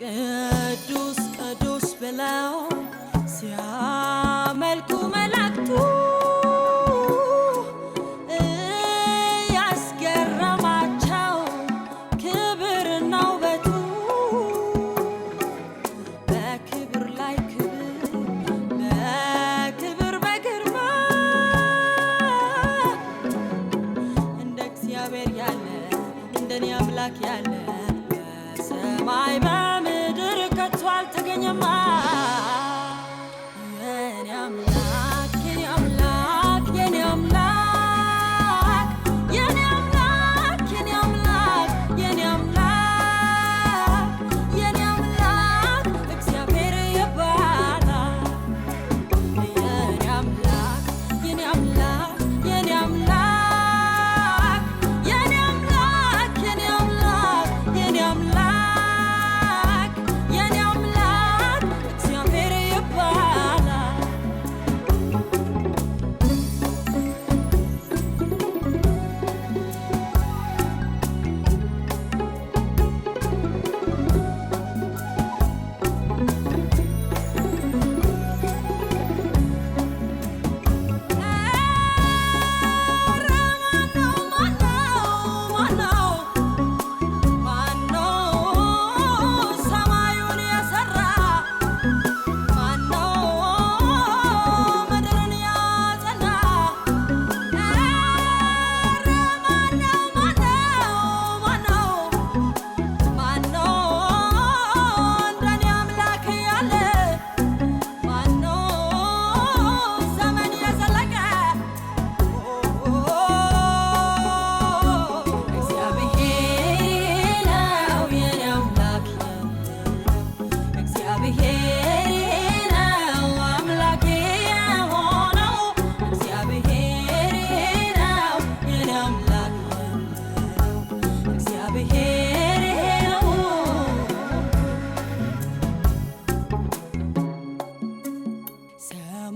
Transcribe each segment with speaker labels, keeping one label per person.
Speaker 1: ቅዱስ ቅዱስ ብለው ሲያመልኩ መላእክቱ ያስገረማቸው ክብርና ውበቱ በክብር ላይ ክብር በክብር በግርማ እንደ እግዚአብሔር ያለ እንደኔ አምላክ ያለ በሰማይ taking your mind.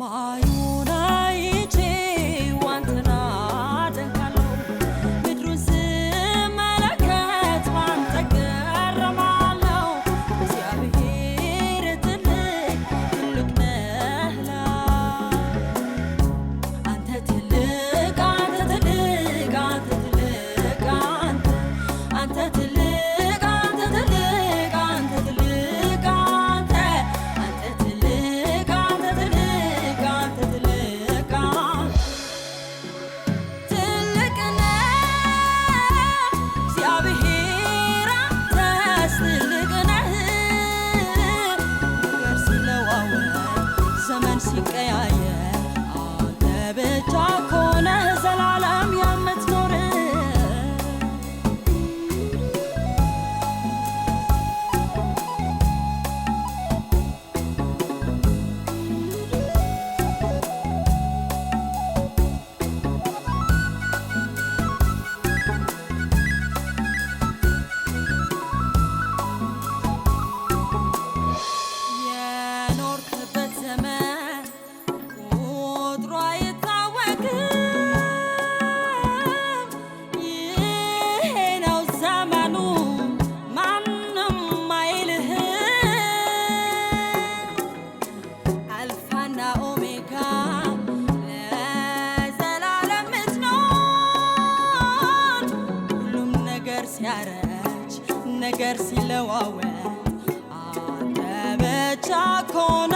Speaker 1: 花园。ፍቅር ሲለዋወጥ አንተ ብቻ ኮን